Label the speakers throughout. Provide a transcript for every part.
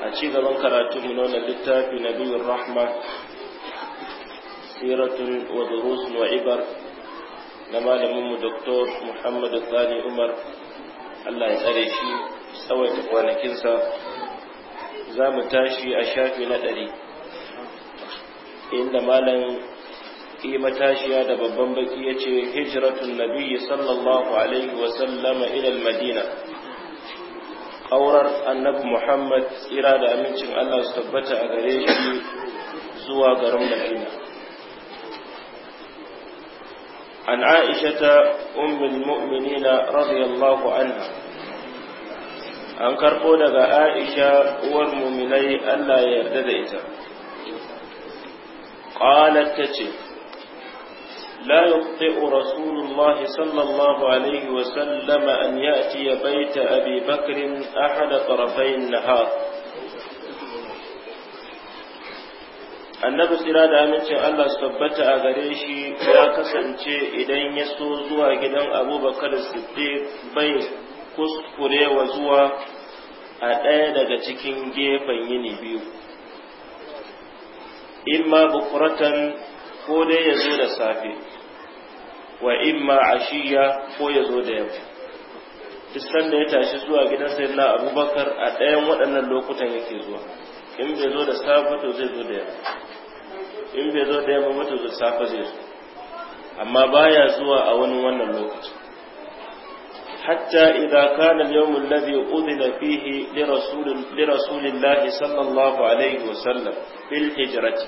Speaker 1: a ci gaban karatu mu nuna littafi na biyun rahma siratun Wadurus durusun na malaminmu doktor muhammadu sani umar allah ya tsare shi tsawaita kwanakinsa za mu tashi a shafi na ɗari inda Ki matashiya da babban baki ya ce hijiratun nabiyyi sallallahu alaihi wasallama ilal madina aurar annabi muhammad tsira da amincin allah su tabbata a gare shi zuwa garin madina an aishata ummul mu'minina radiyallahu anha an karɓo daga aisha uwar muminai allah ya yarda da ita ta ce. لا يخطئ رسول الله صلى الله عليه وسلم أن يأتي بيت أبي بكر أحد طرفي النهار annabi tsira da amincin Allah su tabbata a gare shi ya kasance idan ya so zuwa gidan abubakar siddiq bai wa zuwa a ɗaya daga cikin gefen yini biyu In ma bukuratan ko dai ya zo da safe wa imma ashiya ko ya zo da yamma duk sanda ya tashi zuwa gidan na abubakar a ɗayan waɗannan lokutan yake zuwa in bai zo da safe to zai zo da yamma in bai zo da yamma ba to da safe zai zo amma baya zuwa a wani wannan lokaci hatta idza kana al-yawm alladhi udila fihi li rasul li rasulillah sallallahu alaihi wa sallam bil hijrati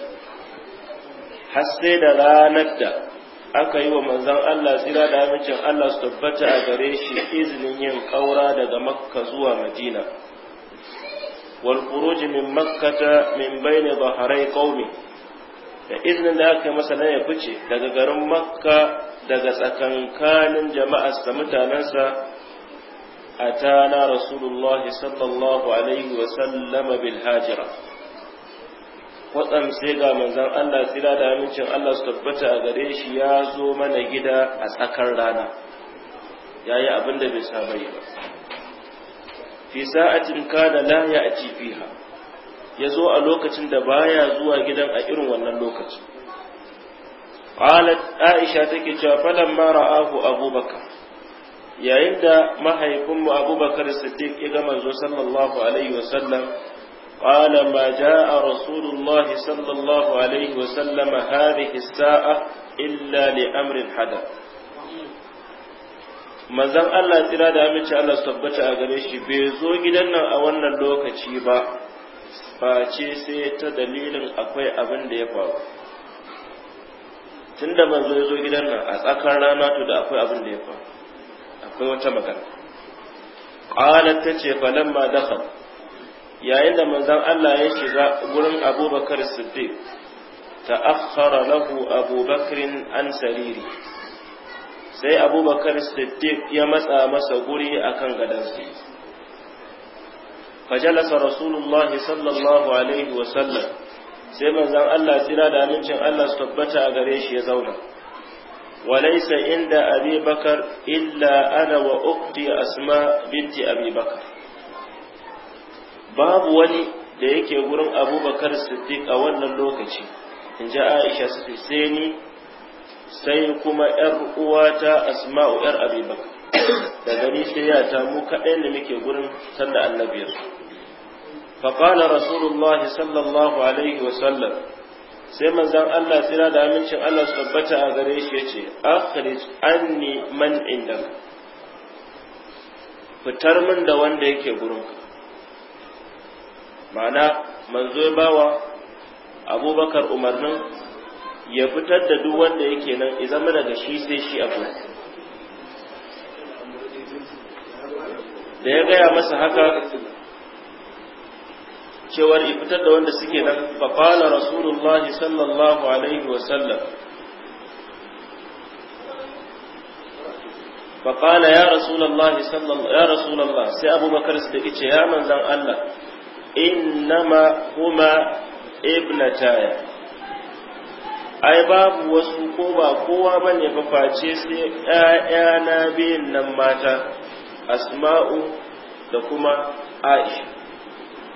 Speaker 1: har sai da ranar da aka yi wa manzan Allah tsira da amincin Allah su tabbata a gare shi izinin yin ƙaura daga makka zuwa madina wal khuruj min makkata min bayni baharai ƙaumi da izinin da aka yi masa na ya fice daga garin makka daga tsakankanin da mutanensa A atana rasulullah sallallahu alaihi wa sallama bil hajira kwatsam sai ga manzan Allah tsira da amincin Allah su tabbata a gare shi ya zo mana gida a tsakar rana ya yi abin da bai saba yi ba fi sa'atin kada la ya a fiha ya zo a lokacin da baya zuwa gidan a irin wannan lokacin qalat aisha take cewa falamma ra'ahu abubakar yayin da mahaifinmu abubakar siddiq ya ga manzo sallallahu alaihi wasallam قال ما جاء رسول الله صلى الله عليه وسلم هذه الساعة إلا لأمر حدث manzon Allah tsira da amince Allah su tabbata a gare shi bai zo gidan nan a wannan lokaci ba ce sai ta dalilin akwai abin da ya faru tunda manzo ya zo gidan nan a tsakar rana to da akwai abin da ya faru akwai wata magana qalat ce falamma dakhal yayin da manzon Allah ya shiga gurin Abubakar Siddiq ta'akhkhara lahu Abubakar an sariri sai Abubakar Siddiq ya matsa masa guri akan gadansa فجلس رسول الله صلى الله عليه sai manzon Allah tsira da amincin Allah su tabbata a gare shi ya zauna walaisa inda Abi illa ana wa ukhti Asma binti Abi babu wani da yake gurin abubakar siddiq a wannan lokaci in ji aisha su sai ni sai kuma yar uwata asma'u yar abubakar da gani sai ya ta mu kaɗai da muke gurin sallar annabiyar فقال رسول الله alaihi wa sallam. sai manzon Allah tsira da amincin Allah su tabbata a gare shi yace akhrij anni man indaka fitar min da wanda yake gurinka ma'ana manzo ya bawa abubakar umarnin ya fitar da duk wanda yake nan zama daga shi sai shi abu
Speaker 2: da ya gaya masa haka
Speaker 1: cewar ya fitar da wanda suke nan faƙala rasulullah sallallahu alaihi wasallam faƙala ya rasulallah ya rasulallah sai abubakar su da ice ya manzan allah innama huma ibnataya ai babu wasu ko ba kowa bane fa face sai 'ya'yana biyun nan mata asma'u da kuma aisha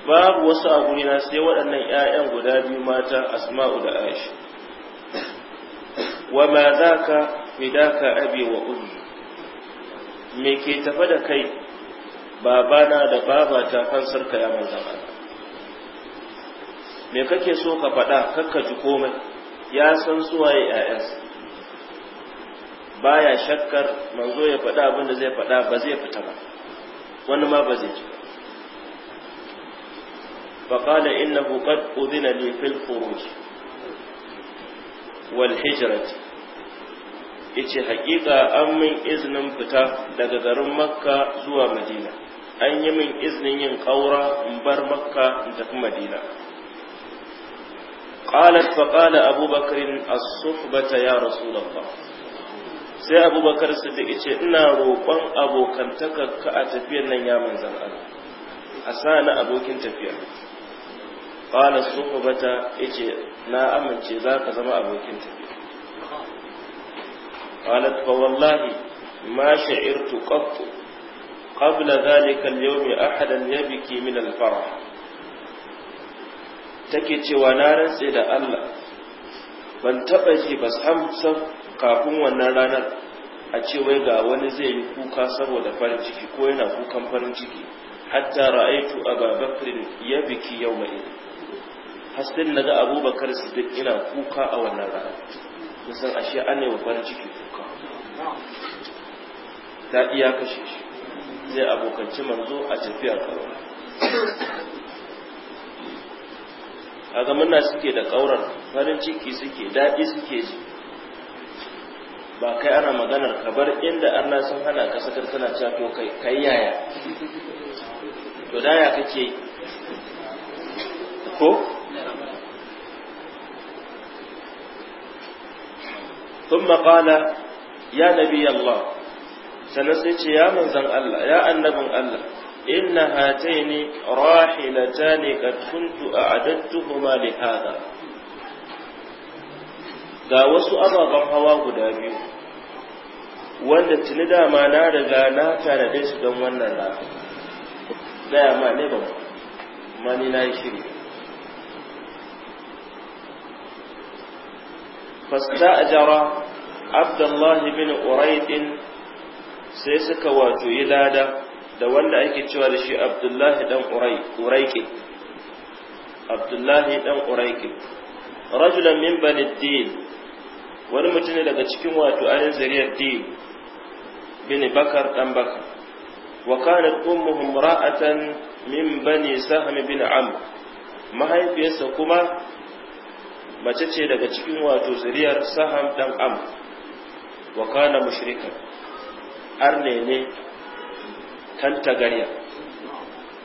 Speaker 1: babu wasu a sai waɗannan 'ya'yan guda biyu mata asma'u da aisha wa ma ka fida ka abewa ummi me ke tafa da kai babana da babata fansarka ya manzan me kake so ka faɗa kakka ji komai ya san suwaye ‘ya'yansa baya shakkar manzo ya faɗa abin da zai faɗa ba zai fita ba wani ma ba zai qala innahu qad قد li fil khuruj wal hijrat ice haƙiƙa an min iznin fita daga garin makka zuwa madina an yi min iznin yin ƙaura in bar makka in tafi madina قالت فقال أبو بكر الصحبة يا رسول الله sai abubakar siddiq ce ina roƙon abokantakar a tafiyar nan ya manzan Allah a sa na abokin tafiya qala suhbata ce na amince za ka zama abokin tafiya qalat fa wallahi ma sha'irtu qattu qabla dhalika al-yawm ahadan yabki min al-farah take cewa na rantse da Allah ban taɓa ji ba sam kafin wannan ranar a ce wai ga wani zai yi kuka saboda farin ciki ko yana kukan farin ciki hatta ra'aitu bakr ya biki yau mai hasin na ga abubakar duk ina kuka a wannan rana kusan ashe an yi wa farin ciki kuka ta iya kashe shi zai abokanci manzo a tafiya kawai kaga muna suke da kaurar farin ciki suke daɗi suke ji ba kai ana maganar ka bar inda Allah sun hana ka sakar kana cewa to kai kai yaya
Speaker 2: to da ya kake
Speaker 1: ko ثم قال ya نبي الله sannan sai ce ya manzan Allah ya annabin Allah إن هاتين راحلتان قد كنت أعددتهما لهذا ga wasu ababen hawa guda biyu wanda tuni dama na riga na da su don wannan rana daya ma ne ba ma ni na yi shiri fasta jara abdullahi bin uraidin sai suka wato yi lada da wanda ake cewa da shi abdullahi dan uraiki abdullahi dan uraiki rajulan min bani din wani mutum ne daga cikin wato ainihin zariyar din bin bakar dan bakar wa kanat ummuhum ra'atan min bani sahm bin am mahaifiyarsa kuma mace ce daga cikin wato zuriyar saham dan am wa kana mushrika arne ne tantagarya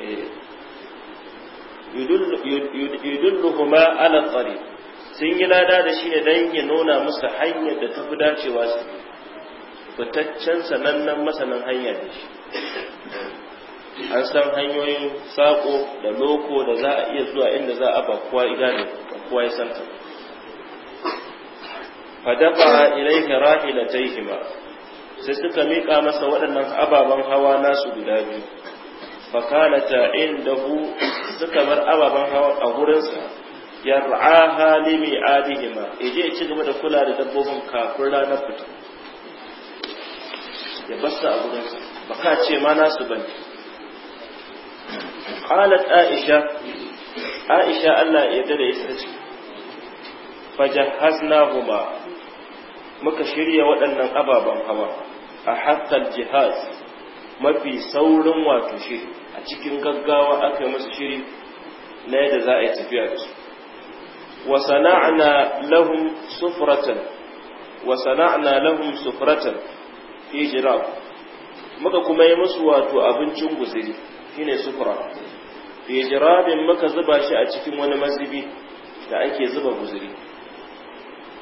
Speaker 1: eh. yudulluhuma ala tsari sun yi lada da shi ne don ya nuna musu hanyar da tafi dacewa su fitaccen sanannen masanin hanya da shi an san hanyoyin saƙo da loko da za a iya zuwa inda za a bakuwa igani bakuwa ya santa fadafa ilaihi rahilatayhima sai suka miƙa masa waɗannan ababen hawa nasu guda biyu fakanata indahu suka bar ababen hawa a gurinsa yar'aha li mi'adihima yaje ya ci gaba da kula da dabbobin kafin ranar fita ya basta a Ba baka ce ma nasu bane qalat aisha aisha Allah ya yarda da ita ce fajahhaznahuma muka shirya waɗannan ababen hawa a hatta jihaz mafi saurin wato shiri a cikin gaggawa aka yi musu shiri na yadda za a yi tafiya da su wa sana'na lahum sufratan wa sana'na lahum sufratan fi jirab muka kuma yi musu wato abincin guzuri shine sufra fi muka zuba shi a cikin wani mazubi da ake zuba guzuri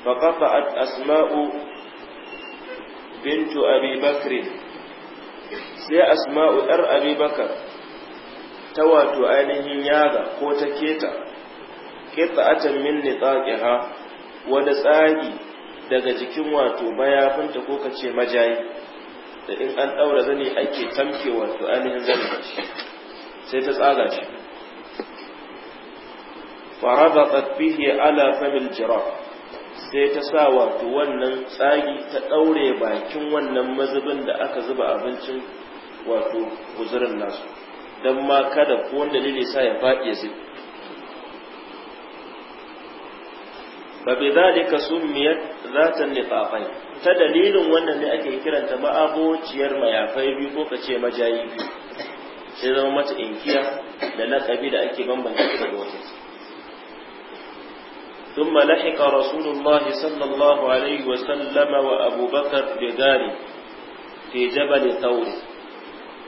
Speaker 1: فقطعت أسماء بنت أبي بكر sai asma'u ɗar أبي ta wato ainihin yaga ko ta keta keta atan min nitsaqiha daga jikin wato baya mayafinta ko kace majayi da in an daura zane ake tamke wato ainihin zane shi sai ta tsaga shi farada bihi ala famil jirah sai ta sa wato wannan tsagi ta ɗaure bakin wannan mazubin da aka zuba abincin wato guzurin nasu don ma kada ko wanda lili sa ya faɗi ya zubi ba bai zalika summiyat zatan nifafai ta dalilin wannan ne ake kiranta ba abociyar mayafai biyu ko kace majayi biyu sai zama mata inkiya da laƙabi da ake bambanta da wata ثم لحق رسول الله صلى الله عليه وسلم وأبو بكر بذلك في جبل ثور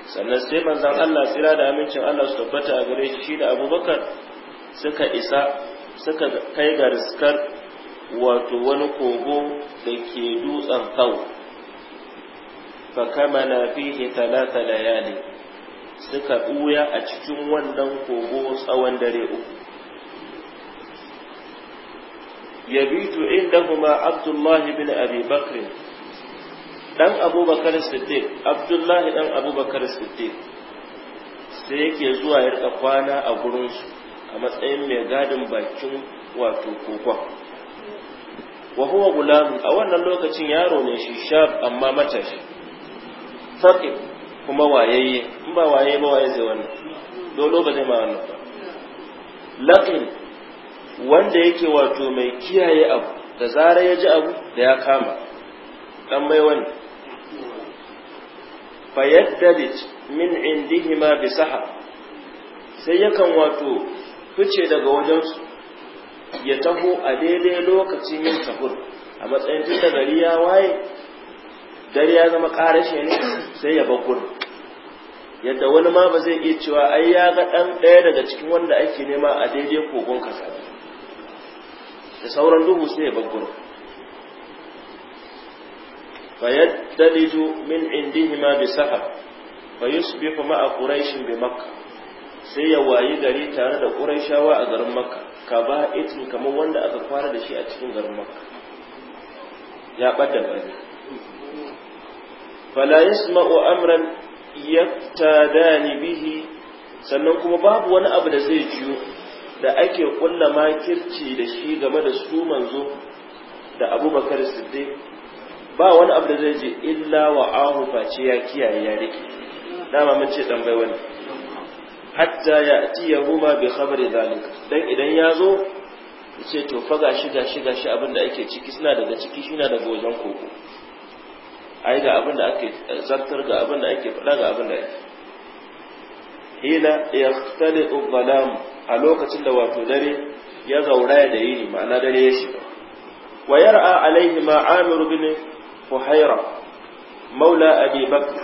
Speaker 1: sannan sai manzan Allah tsira da amincin Allah su tabbata a gare shi da abubakar suka isa suka kai ga riskar wato wani kogo da ke dutsen kau, fa kamana fihi talata layali suka buya a cikin wannan kogo tsawon dare uku yabitu indahuma abdullahi bin abi bakr dan abubakar siddiq abdullahi dan abubakar siddiq sai yake zuwa ya rika kwana a gurinsu a matsayin mai gadin bakin wato kokon wa huwa gulam a wannan lokacin yaro ne shi shab amma matashi faqib kuma wayayye in ba waye ba waye zai wannan dole ba zai ma wannan ba laqin wanda yake wato mai kiyaye abu da zarar ya ji abu da ya kama dan mai wani fayaddalit min indihima bi saha, sai yakan wato fice daga wajensu ya taho a daidai lokacin yin sahur a matsayin tun da gari ya waye dare ya zama karashe ne sai ya bakur yadda wani ma ba zai iya cewa ai ya ga ɗan ɗaya daga cikin wanda ake nema a daidai kogon kasa da sauran duhu sai ya min indihima bi sahab fa yusbihu ma'a quraish bi makkah sai ya wayi gari tare da quraishawa a garin makkah ka ba itin kamar wanda aka fara da shi a cikin garin makkah ya ɓadda bane fala yasma'u amran yaftadani bihi sannan kuma babu wani abu da zai ciyo da ake kulla makirci da shi game da su manzo da abubakar siddiq ba wani abu da zai je illa wa ahu face ya kiyaye ya rike dama mun ce dan bai wani hatta ya ya huma bi khabari zalik dan idan ya zo ce to fa ga shi ga shi ga shi abin da ake ciki suna daga ciki shi na daga wajen koko ai ga abin da ake zartar ga abin da ake faɗa ga abin da ake hina yaqtali dhalam a lokacin da wato dare ya zaura da yini ma'ana dare ya shiga wa yar'a alaihi ma amir bin fuhaira maula abi bakr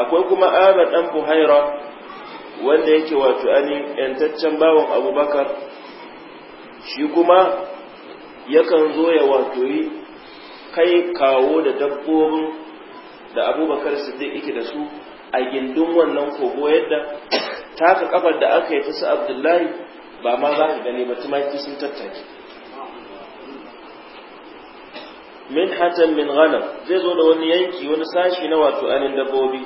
Speaker 1: akwai kuma amir dan fuhaira wanda yake wato ani yantaccen bawan abubakar shi kuma yakan zo ya wato yi kai kawo da dabbobin da abubakar siddiq yake da su a gindin wannan kogo yadda taka kafar da aka yi ta su abdullahi ba ma za ka gani ba tumaki sun tattaki min hatan min ghanam zai zo da wani yanki wani sashi na wato anin dabbobi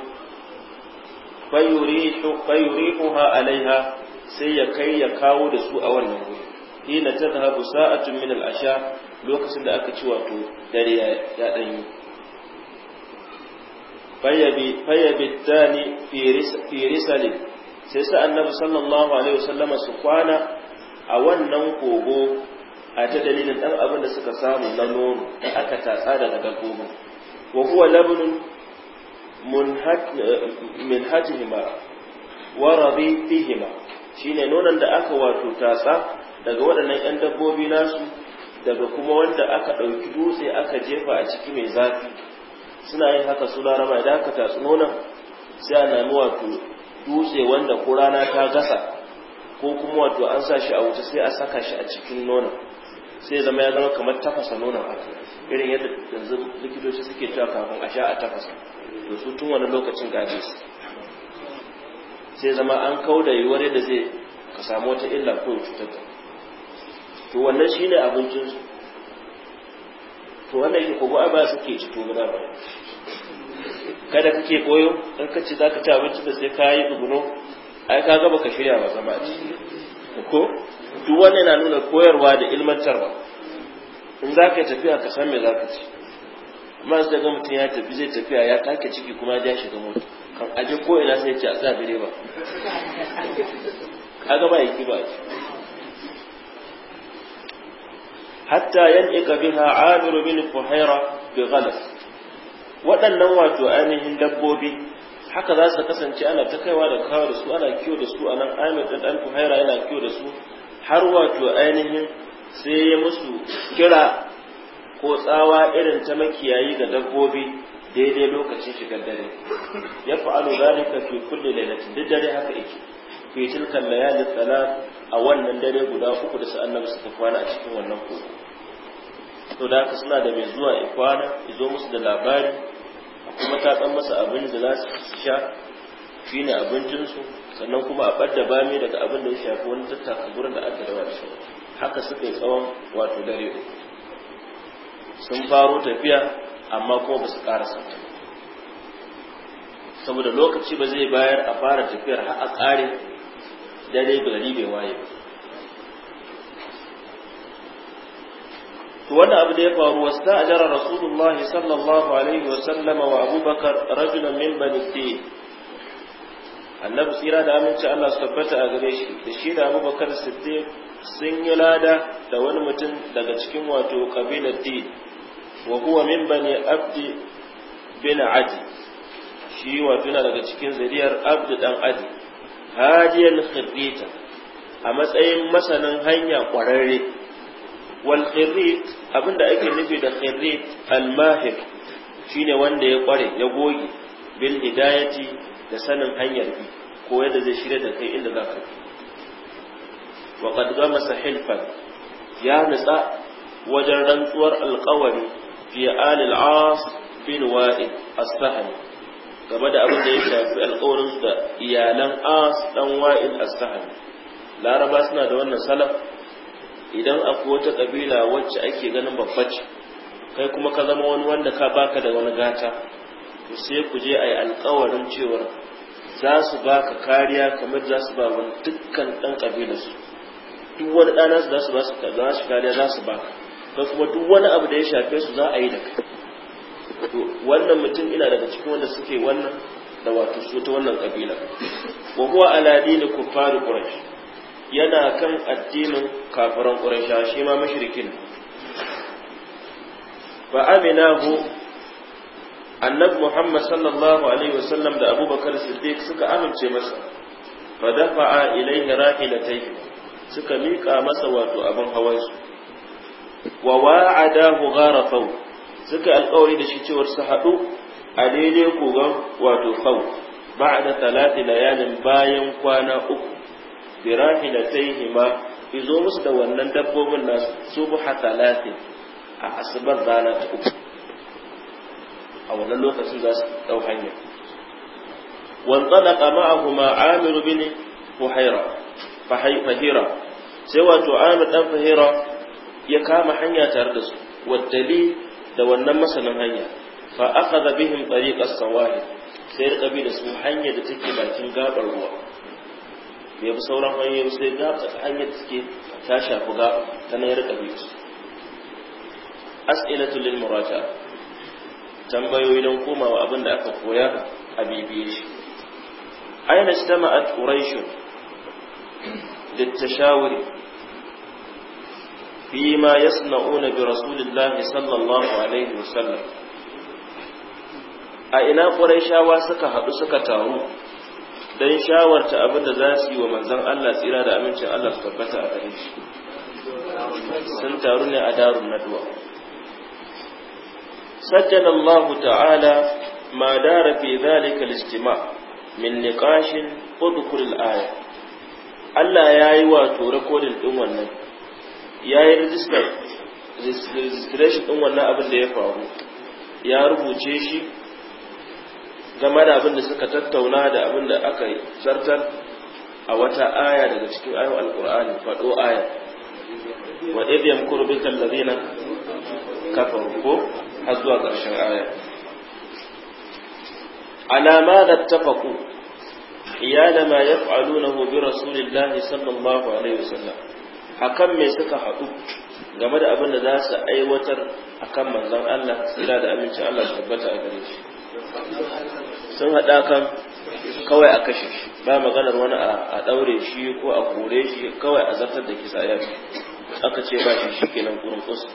Speaker 1: ha alaiha sai ya kai ya kawo da su a wannan wuri hina tadhhabu sa'atun min al'asha, lokacin da aka ci wato dare ya danyi yi tani firisalin. sai su annabi sallallahu alaihi wasallam su kwana a wannan kogo a ta dalilin dan abin da suka samu na nono da aka tatsa daga dabbobin wa huwa labnun min shine nonon da aka wato tatsa daga waɗannan 'yan dabbobi nasu daga kuma wanda aka ɗauki dutse aka jefa a ciki mai zafi suna yin haka su rama idan aka tatsi nonon sai a nemi dutse wanda ko rana ta gasa ko kuma wato an sa shi a wuta sai a saka shi a cikin nonon sai zama ya zama kamar tafasa nonon ake irin yadda yanzu likitoci suke cewa kafin a sha a tafasa to su tun wani lokacin gaje su sai zama an kau da yiwuwar yadda zai ka samu wata illa ko cutar da to wannan shine abincin to wannan shi kogo ai ba suke ci to guda ba kada kake koyo in ka ce za ka ci abinci da sai ka yi tsuguno ai ka gaba ka shirya ba zama ci ko duk wannan yana nuna koyarwa da ilmantarwa in za ka tafiya ka san me za ka ci amma sai ga mutum ya tafi zai tafiya ya take ciki kuma ya shiga mota kan aje ko ina sai ci a sa direba kaga ba yake ba hatta yan ikabiha amiru bin fuhaira bi ghalas waɗannan wato ainihin dabbobi haka za su kasance ana ta kaiwa da kawo da su ana kiwo da su a nan ainihin ɗan ɗan tuhaira yana kiwo da su har wato ainihin sai ya musu kira ko tsawa irin ta makiyayi ga dabbobi daidai lokacin shigar dare ya fa'alu zalika fi kulli lailatin duk dare haka yake fi tilkan layalin tsala a wannan dare guda uku da sa'an nan suka kwana a cikin wannan koko to da haka suna da mai zuwa ikwana kwana ya zo musu da labari kuma ta ɗan masa abin da za su sha shi ne abincinsu sannan kuma a ɓadda bami daga abin da ya shafi wani tattaka gurin da aka rawa shi haka suka yi tsawon wato dare sun faro tafiya amma kuma ba su ƙara ta saboda lokaci ba zai bayar a fara tafiyar har a ƙare dare gari bai waye ba to wannan abu da ya faru wasu ajara rasulullahi sallallahu alaihi wa sallama wa abubakar rajulan min bani tayyib annabi tsira da aminci Allah su tabbata a gare shi da shi da abubakar siddiq sun yi lada da wani mutum daga cikin wato kabilar tayyib wa huwa min bani abdi bin adi shi wato yana daga cikin zariyar abdi dan adi hadiyan khirrita a matsayin masanin hanya kwararre wal khirrit abinda ake nufi da khirrit al mahir shine wanda ya kware ya goge bil hidayati da sanin hanyar bi ko da zai shirya da kai inda za ka wa qad gamasa hilfan ya nutsa wajen rantsuwar alƙawari fi alil as bin wa'id as-sahli da abin da ya shafi alƙawarin da iyalan as dan wa'id as laraba suna da wannan salaf idan akwai wata kabila wacce ake ganin babba ce kai kuma ka zama wani wanda ka baka da wani gata to sai ku je a yi alkawarin cewa za su baka kariya kamar za su ba wani dukkan ɗan su duk wani ɗana su za su ba su kariya za su baka kai kuma duk wani abu da ya shafe su za a yi da kai to wannan mutum ina daga cikin wanda suke wannan da wato su ta wannan ƙabila wa huwa ala ku kuffar quraish yana kan addinin kafiran ƙuraisha shi ma mashirikin fa hu, annabi muhammad sallallahu alaihi wasallam da abubakar siddiq suka amince masa fa dafa'a ilaihi rahilatai suka miƙa masa wato abin hawansu wa wa'adahu ghara suka alƙawari da shi cewar su haɗu a daidai kogon wato fau ba'da talati layalin bayan kwana uku bi rahilatayhima izo musu da wannan dabbobin nasu subha talati a asbar rana ta uku a wannan lokacin za su dau hanya وانطلق معهما عامر بن فهيرة فهيرة سوى عامر بن فهيرة ya kama hanya tare da su wadali da wannan masanin hanya fa akhadha bihim tariqas sawahil sai rika bi da su hanya da take bakin gaɓar ruwa bai bi sauran hanyoyi sai ta hanyar da suke ta shafi ga ta na yarda bi as'ilatu lil muraja tambayoyi don komawa abin da aka koya a bibiye shi aina istama'at quraish للتشاور ma yasna'una bi rasulillahi sallallahu alaihi wasallam a ina quraishawa suka haɗu suka taru don shawarta abin da za su yi wa manzan Allah tsira da amincin Allah su tabbata a gare shi sun taru ne a darun nadwa sajjana Allah ta'ala ma dara fi zalika al-istima min niqashin udkhul al-aya Allah ya yi wato recording din wannan ya yi register registration din wannan abin da ya faru ya rubuce shi game da abin da suka tattauna da abin da aka yi sartar a wata aya daga cikin ayon alkur'ani faɗo aya wa ɗabiyan kurbitan da zina kafin ko har zuwa ƙarshen aya alama da tafaku da ma ya faɗo na hobi rasulillahi sallallahu alaihi wasallam akan me suka haɗu game da abin da za su aiwatar a kan manzan Allah tsira da amincin Allah tabbata a
Speaker 2: gare shi sun haɗa kan kawai a kashe
Speaker 1: shi ba maganar wani a ɗaure shi ko a kore shi kawai a zartar da kisa ya aka ce ba shi shi kenan kurin kusa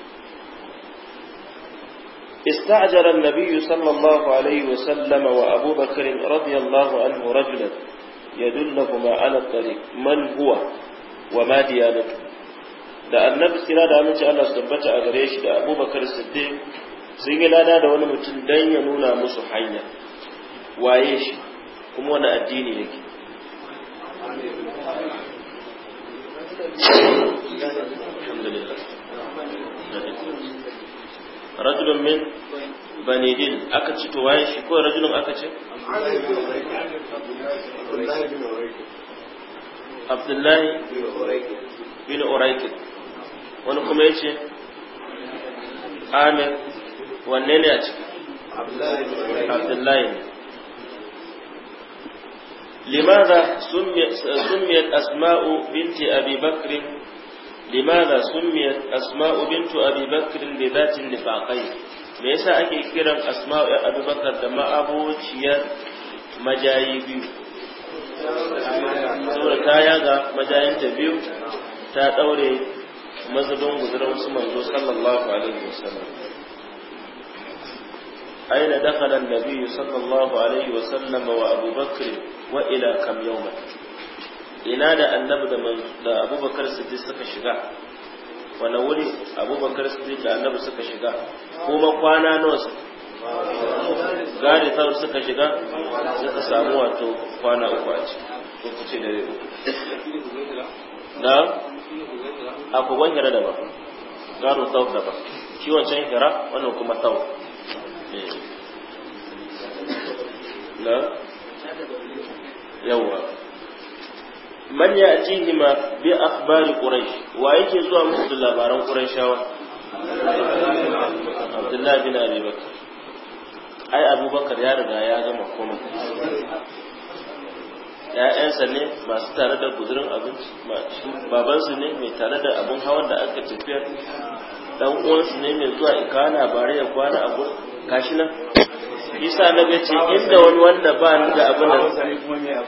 Speaker 1: استعجل النبي صلى الله عليه وسلم وأبو بكر رضي الله عنه رجلا يدلهما على الطريق من هو وما ديانته da annabi kira da aminci Allah su tabbata a gare shi da abubakar siddiq sun yi lada da wani mutum dan ya nuna musu hanya waye shi kuma wani addini yake rajulun min bani aka ci to waye shi ko rajulun aka ce abdullahi bin uraikin wani kuma ya ce amir wanne ne a ciki abdullahi ne summiyat asma'u binti abi bakr limada summiyat asma'u bintu abi bakr bi بذات nifaqai me yasa ake kiran asma'u ya abubakar da ma'abociyar majayi biyu
Speaker 2: saboda ta yaga
Speaker 1: ta biyu ta daure mazubin guzuran su manzo sallallahu alaihi wasallam أين دخل النبي صلى الله عليه وسلم وأبو بكر وإلى كم يوما ina da annabi da abubakar siddiq suka shiga wani wuri abubakar siddiq da annabi suka shiga kuma kwana nawa su gari suka shiga suka samu wato kwana uku a da rai
Speaker 2: da akwai wani da
Speaker 1: ba garo tsau da ba shi wancan hira kuma Hmm. na yawa man ya ma bi akhbari quraish wa yake zuwa musu da labaran qurayshawa abdullahi bin abi bakr ai abubakar ya riga ya gama komai ‘ya'yansa ne masu tare da gudurin abinci babansu ne mai tare da abin hawan da aka tafiya dan uwansu ne mai zuwa ika labarai ya kwana a gurin kashi nan isa na ga ce inda wani wanda ba ni da abin da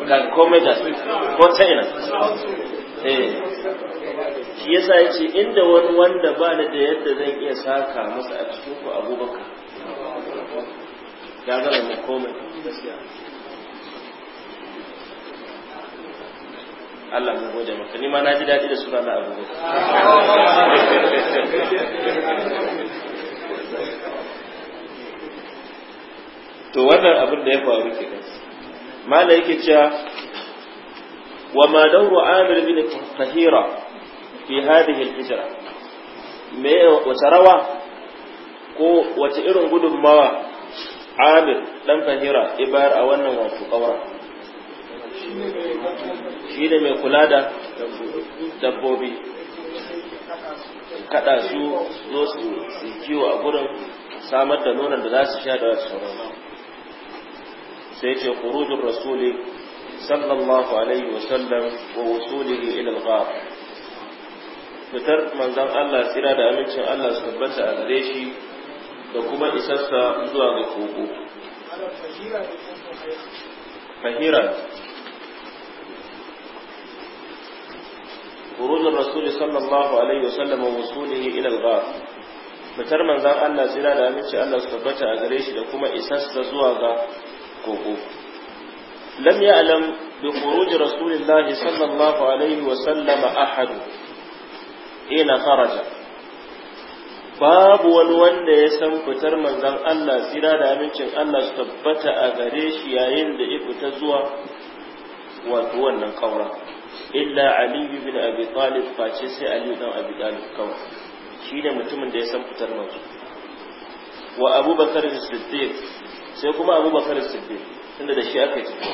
Speaker 3: ga da ko ta ina
Speaker 1: eh shi yasa ya ce inda wani wanda ba ni da yadda zan iya saka masa a cikin ku abubakar ya gama mai komai Allah mu gode maka ni ma na ji daɗi da suna na abubakar to wannan abin da ya faru ke kenan mala yake cewa wa ma dawru amir bin tahira fi hadhihi al-hijra me wace rawa ko wace irin gudunmawa amir dan tahira ibar a wannan wato kawara
Speaker 2: shi ne mai kula da dabbobi kada su zo su kiwo a gurin
Speaker 1: samar da nonon da za su sha da wasu sauransu sai ce khurujur rasuli sallallahu alaihi wasallam wa wusulihi ila al-ghar fitar manzon Allah tsira da amincin Allah su tabbata a gare shi da kuma isarsa zuwa ga kogo fahira خروج الرسول wa الله عليه وسلم ووصوله إلى ghar fitar manzan Allah tsira da amincin Allah su tabbata a gare shi da kuma isassa zuwa ga koko lam ya'lam bi khuruj rasulillah sallallahu alaihi wa ahad babu wani wanda ya san fitar manzon Allah tsira da amincin Allah su tabbata a gare shi yayin da ya fita zuwa wato wannan kaura illa ali bin abi talib face sai ali dan abi talib kawai shi ne mutumin da ya san fitar manzo wa abubakar siddiq sai kuma abubakar sufi tunda da shi aka yi ciki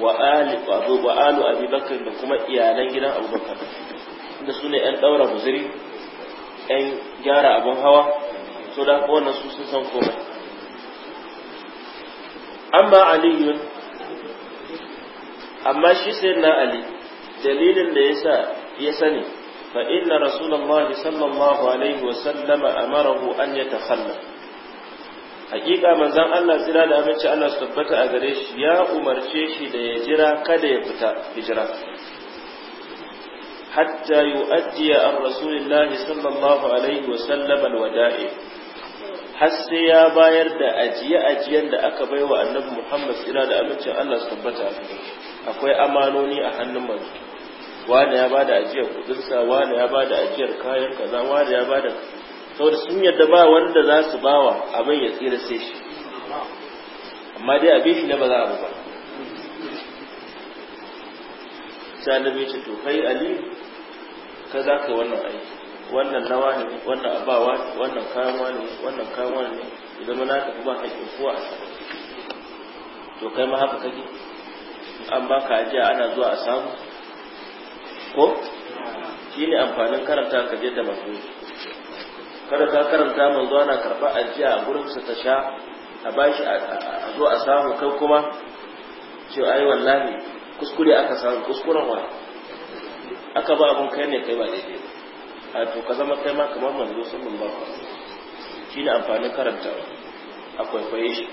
Speaker 1: wa ali abu wa alu abubakar da kuma iyalan gidan abubakar inda su ne yan daura guzuri yan gyara abin hawa so da kuma wannan su sun san komai amma aliyun amma shi sai na ali dalilin da yasa ya sani fa inna rasulullahi sallallahu alaihi wa sallama amarahu an yatakhallaf hakika manzan Allah tsira da aminci Allah su tabbata a gare shi ya umarce shi da ya jira kada ya fita hijira hatta yu'addiya an rasulillahi sallallahu alaihi wa sallam alwada'i har sai ya bayar da ajiye ajiyen da aka bai wa annabi Muhammad tsira da amincin Allah su tabbata akwai amanoni a hannun manzo wani ya bada ajiyar kudinsa wani ya bada ajiyar kayan kaza wani ya bada saboda sun yadda ba wanda za su bawa abin ya tsira sai shi amma dai abin shi ne ba za a ba ba sai annabi ce to kai ali ka za ka yi wannan aiki wannan nawa ne wannan abawa ne wannan kayan wani wannan kayan wani ne idan mana ka ba haƙƙin kowa a to kai ma haka kake an ba ka ajiya ana zuwa a samu ko Shi ne amfanin karanta ka je da masu kada ka karanta manzo ana karɓa ajiya a gurin sa ta sha a bashi a zo a samu kai kuma ce ai wallahi kuskure aka samu kuskuren wa aka ba abun kai ne kai ba daidai a to ka zama kai ma kamar manzo ba ku shi ne amfanin karanta a kwaikwaye shi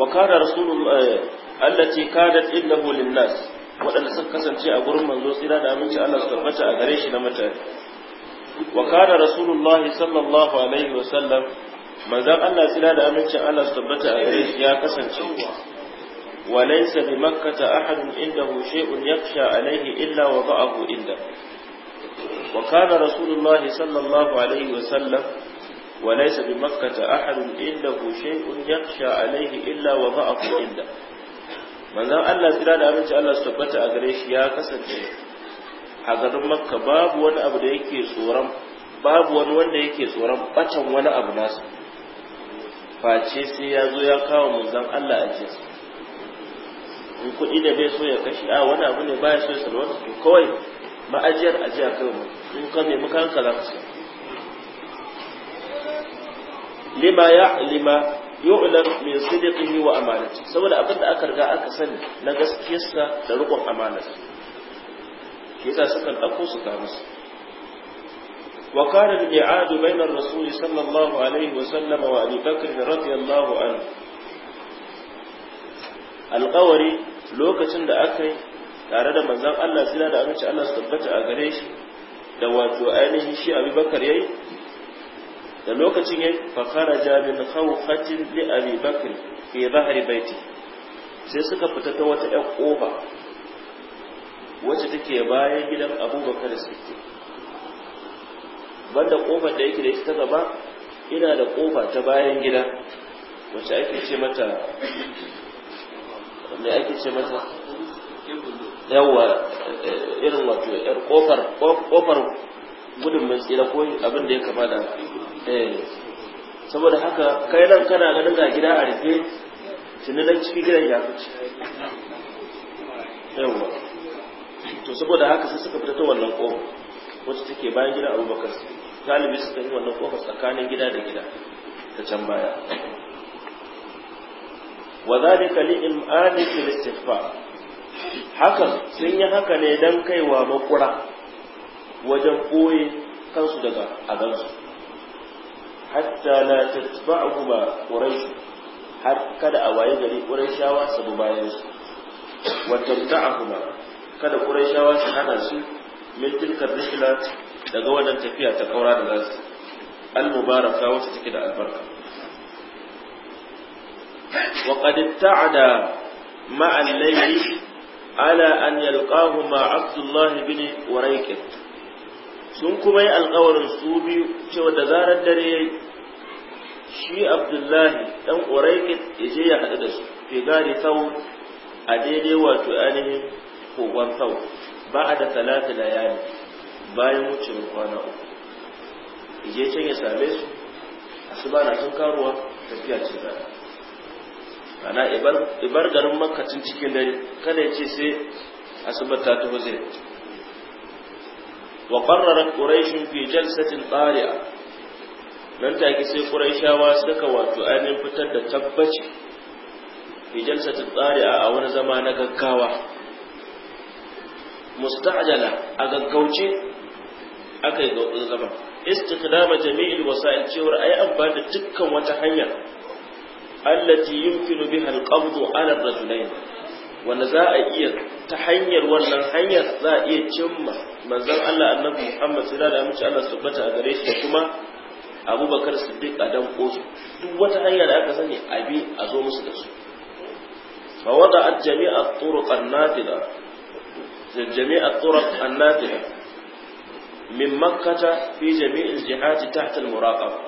Speaker 1: وكان رسول الله allati kadat indahu linnas waɗanda suka kasance a gurin manzo tsira da aminci Allah su tabbata a gare shi na mutane wa kana rasulullahi sallallahu alaihi wa sallam manzon Allah tsira da aminci Allah su tabbata a gare shi ya kasance wa laysa bi makkah ahadun indahu shay'un yakhsha alaihi illa wa wada'ahu inda wa kana rasulullahi sallallahu alaihi wa sallam وليس بمكة أحد عنده شيء يخشى عليه إلا وضعه inda. manzan Allah tsira da aminci Allah su tabbata a gare shi ya kasance a garin makka babu wani abu da yake tsoron babu wani wanda yake tsoron bacan wani abu nasu face sai ya zo ya kawo manzan Allah a jinsa in kuɗi da bai so ya kashi a wani abu ne baya so ya wani, to kawai ma'ajiyar ajiya kai mu in ka nemi kanka za ka lima ya lima yu'lam min sidqihi wa amanati saboda abin da aka riga aka sani na gaskiyarsa da rikon amanarsa shi yasa sukan ɗauko su ga musu wa kana al iad bayna ar-rasul sallallahu alaihi wa sallam wa Abi Bakr radiyallahu anhu alƙawari lokacin da aka yi tare da manzon Allah sira da aminci Allah su tabbata a gare shi da wato ainihin shi Abi Bakar yayi da lokacin ya fakara kharaja min khawfatin li abi bakr fi dhahri baiti sai suka fita ta wata ƴan ƙofa wacce take bayan gidan abubakar siddiq banda ƙofar da yake da ita ta gaba ina da ƙofa ta bayan gida wacce ake ce mata me ake ce mata yawa irin wato yar ƙofar ƙofar gudun mai tsira ko abin da ya kama da Eh. saboda haka kai nan kana ganin ga gida a rufe tuni nan ciki gidan ya fi yawa to saboda haka sai suka fita ta wannan kofa wacce take bayan gida abubakar galibi suka yi wannan kofa tsakanin gida da gida ta can baya wa zalika li imani fil istighfar hakan sun yi haka ne dan kaiwa makura wajen koye kansu daga agansu hatta la tatba'uhuma quraish har kada a waye gari qurayshawa su bi bayan su wa tabta'uhuma kada qurayshawa su hana su min tilka rihla daga wannan tafiya ta kaura da zasu al mubaraka wacce take da albarka wa qad ta'ada ma'a al-layli ala an yalqahu ma Abdullah ibn Urayqah sun kuma yi alkawarin su biyu cewa da zarar dare ya yi. shi abdullahi dan ƙoraikit ya je ya haɗu da su fi gari sau a daidai wato ainihin kogon sau ba a da talata da yari bayan wucin kwana uku ije can ya same su a ba na sun karuwa tafiya ce a ana ibar garin makacin cikin dare kada ya ce sai asibar ta taho zai wa qarrarat quraish fi jalsatin tari'a nan sai quraishawa saka wato ainihin fitar da tabbaci fi jalsatin tari'a a wani zama na gaggawa musta'jala a gaggauce aka yi gaggauce zama istiqdama jami'il wasa'il cewar ai amfani da dukkan wata hanya allati yumkinu biha alqabdu ala ar-rajulayn wanda za a iya ta hanyar wannan hanyar za a iya cimma manzon Allah annabi Muhammad sallallahu alaihi wasallam Allah subhanahu a gare shi da kuma Abubakar Siddiq a dan kosu duk wata hanya da aka sani abi a zo musu da su fa wada'at jami'a turuq an-natila jami'a turuq an-natila min makkah fi jami'il jihati tahta al-muraqaba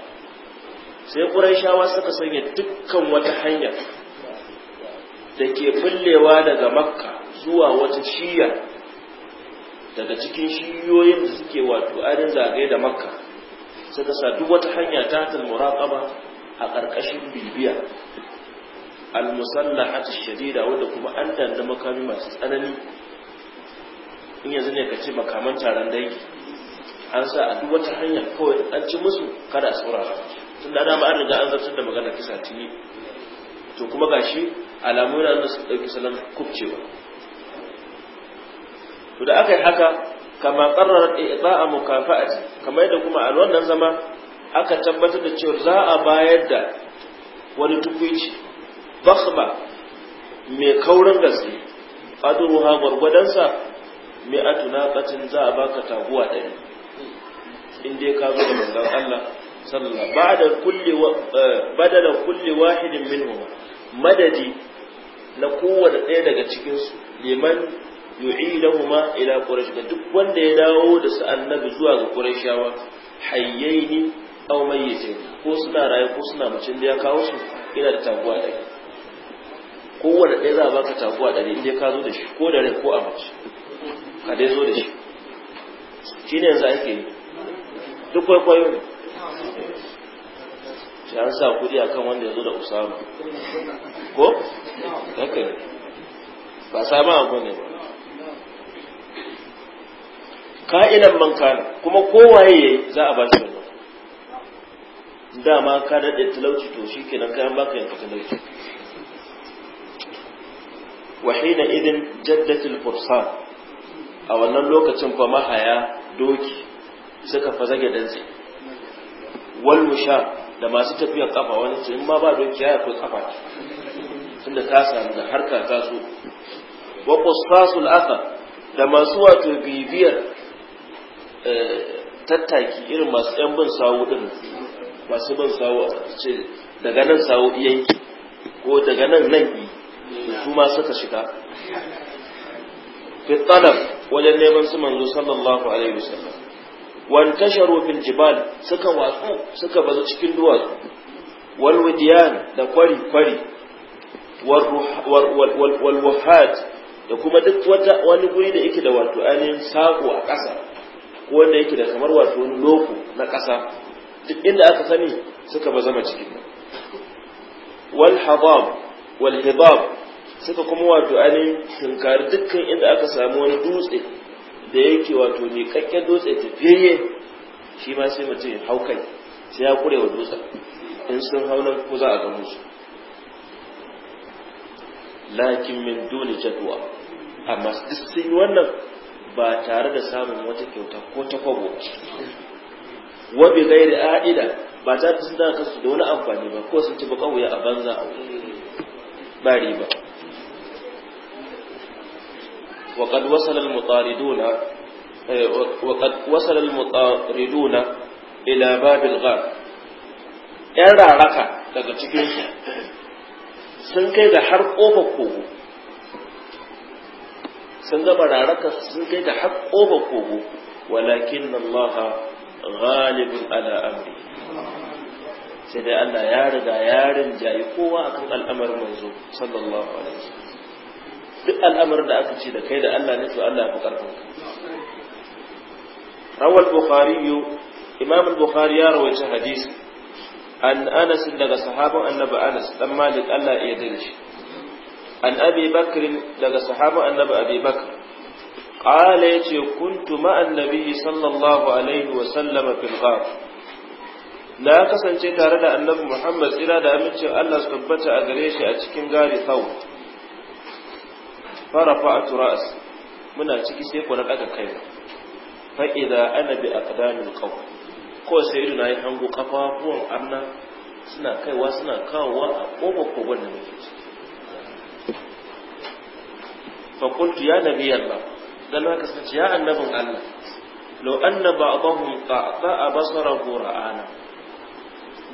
Speaker 1: sai quraishawa suka sanya dukkan wata hanya da ke fullewa daga makka zuwa wata shiya daga cikin shiyoyin da suke wato arin zagaye da makka suka sa wata hanya ta muraqaba a ƙarƙashin bibiya al-musallahat shadida wadda kuma an danda makami masu tsanani in yanzu ne ka ce makaman taron dangi an sa a duk wata hanya kawai an ci musu kada a saurara tun da dama an riga an zartar da magana kisa tuni to kuma gashi alamu na nuna sun ɗauki salon kubcewa to da aka yi haka kama ƙarrar a mukafa'ati kamar yadda kuma a wannan zama aka tabbatar da cewa za a bayar da wani tukwici bakhba mai kaurin gaske ha gwargwadonsa mai a tunakacin za a baka taguwa ɗari in dai ka zo da manzon Allah sallallahu ba da badala kulli wahidin minhum madadi na kowane ɗaya daga cikinsu liman yu'idahuma ila quraish da duk wanda ya dawo da su annabi zuwa ga qurayshawa hayyaini aw mayyitin ko suna raye ko suna mucin da ya kawo su ina da taguwa ɗari kowane ɗaya za a baka taguwa ɗari inda ka zo da shi ko da rai ko a mace ka dai zo da shi shi ne yanzu ake yi duk kwaikwayo ne shi an sa kuɗi akan wanda ya zo da usama ko haka ne ba abu ne ka'ilan kuma kowaye yayi za a ba shi wannan dama ka daɗe talauci to shi kenan kayan baka yanka talauci wahina idin jaddatul fursa a wannan lokacin fa mahaya doki suka fa zage dantse wal musha da masu tafiya kafa wani in ma ba doki ya ko kafa tunda ta samu da harka ta so wa qusfasul athar da masu wato bibiyar eh, tattaki irin masu yan bin sawu din masu bin sawu ce daga nan sawu yanki ko daga nan nan yi su ma suka shiga fi talab wajen neman su manzo sallallahu alaihi wasallam wan tasharu fil jibal suka watsu suka bazu cikin duwatsu wal wadiyan da kwari kwari walwafat da kuma duk wani guri da yake da wato ainihin saƙo a ƙasa ko wanda yake da kamar wato wani loko na ƙasa duk inda aka sani suka ba zama cikin nan wal habab wal hibab suka kuma wato ainihin tunkari dukkan inda aka samu wani dutse da yake wato ne kakke dutse tafiye shi ma sai mutum ya hau kai sai ya kure wa dutsen in sun hau nan ko za a ga su. lakin min duni jadwa amma sun yi wannan ba tare da samun wata kyauta ko ta kwabo wa bi ghairi a'ida ba ta sun da kansu da wani amfani ba ko sun ci ba kawai a banza ba riba wa qad wasala al-mutariduna eh, wa qad wasala al-mutariduna ila babil ghar yan raraka daga cikin sun kai ga har ƙofar kogo sun gama raraka sun kai ga har ƙofar kogo walakin Maha galibin ala amri sai dai Allah ya riga yarin jayi kowa a kan al'amarin manzo sallallahu alaihi wasallam duk al'amarin da aka ce da kai da Allah ne to Allah ya fi karfin rawar bukhari imam al-bukhari ya rawaita hadisi an anas daga sahabin annabi anas dan malik Allah ya yarda shi an abi bakr daga sahabin annabi abi bakr qala yace kuntu ma annabi sallallahu alaihi wa sallam fil ghar na kasance tare da annabi Muhammad tsira da amincin Allah su tabbata a gare shi a cikin gari sau farafa a turas muna ciki sai ku na daga kai fa idza ana bi aqdamil qawm kawai sai ido na yi hango kafafuwan arna suna kaiwa suna kawowa a ƙofar kogon da muke ciki fakultu ya nabi Yalla dan haka suka ce ya annabin Allah law anna a qa'ta'a gora ana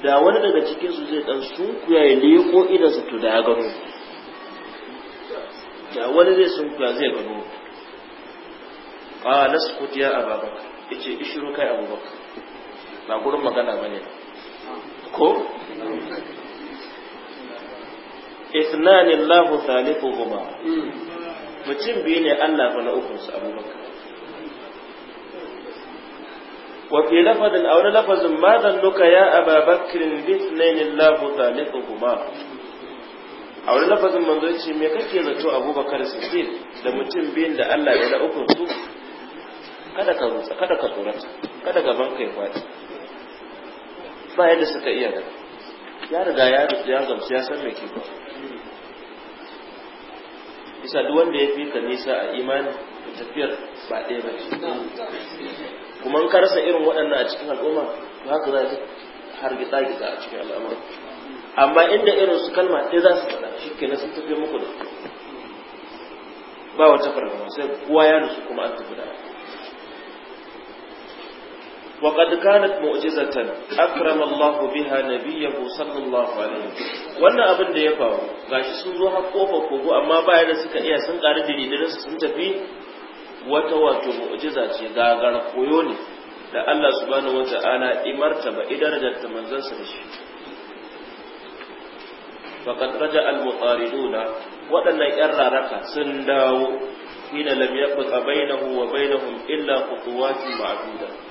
Speaker 1: da wani daga cikin su zai dan sunkuya ya leko idan su tuda da ya gano da wani zai kuya zai gano qala sukut ya ya ce ishru kai abubakar na gurin magana bane ne ko isnani Allahu thalithuhuma mutum biyu ne Allah fa na ukun su abubakar wa fi lafazin a wani lafazin ma zannuka ya ababakirin bisnani Allahu thalithuhuma a wani lafazin manzo ce me kake zato abubakar siddiq da mutum biyun da Allah ya na ukun su kada ka rutsa kada ka tsorata kada gaban kai kwati ba yadda suka iya gani ya riga ya ya gamsu ya san ke ba isa duk wanda ya fi ka nisa a imani tafiyar ba ɗaya ba kuma in ka rasa irin waɗannan a cikin al'umma to haka za ta har gita gita a cikin al'amma amma inda irin su kalma ɗaya za su faɗa shi ke sun tafi muku da ba wata farko sai kowa ya nusu kuma an tafi da وقد كانت معجزة أكرم الله بها نبيه صلى الله عليه wannan abin da ya faru gashi sun zo har kofar kogo amma baya da suka iya sun ƙari dalilin sun tafi wata wato mu'jiza ce gagar koyo ne da Allah subhanahu wata'ala imarta ba idan ta manzon sa da shi faqad raja al mutariduna waɗannan ƴan raraka sun dawo hina lam yaqta bainahu wa bainahum illa khutuwatin ma'duda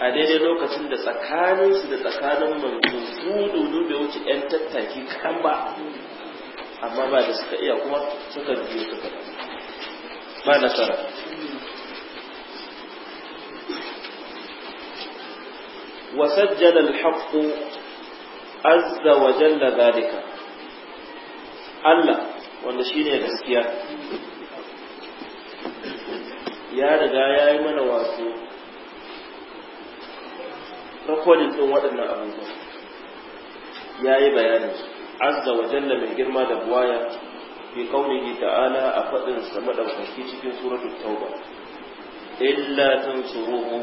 Speaker 1: a daidai lokacin da tsakanin su da tsakanin manzo dudu bai wuce yan tattaki kan ba amma ba da suka iya kuma suka biyo suka ba nasara وسجل الحق عز وجل zalika Allah wanda shi ne gaskiya ya riga ya yi mana wasu rikodin ɗin waɗannan abubuwa ya yi bayanin azza wa jalla mai girma da buwaya fi kaunihi ta'ala a faɗin sa ɗaukaki cikin suratul tauba illa tansuruhu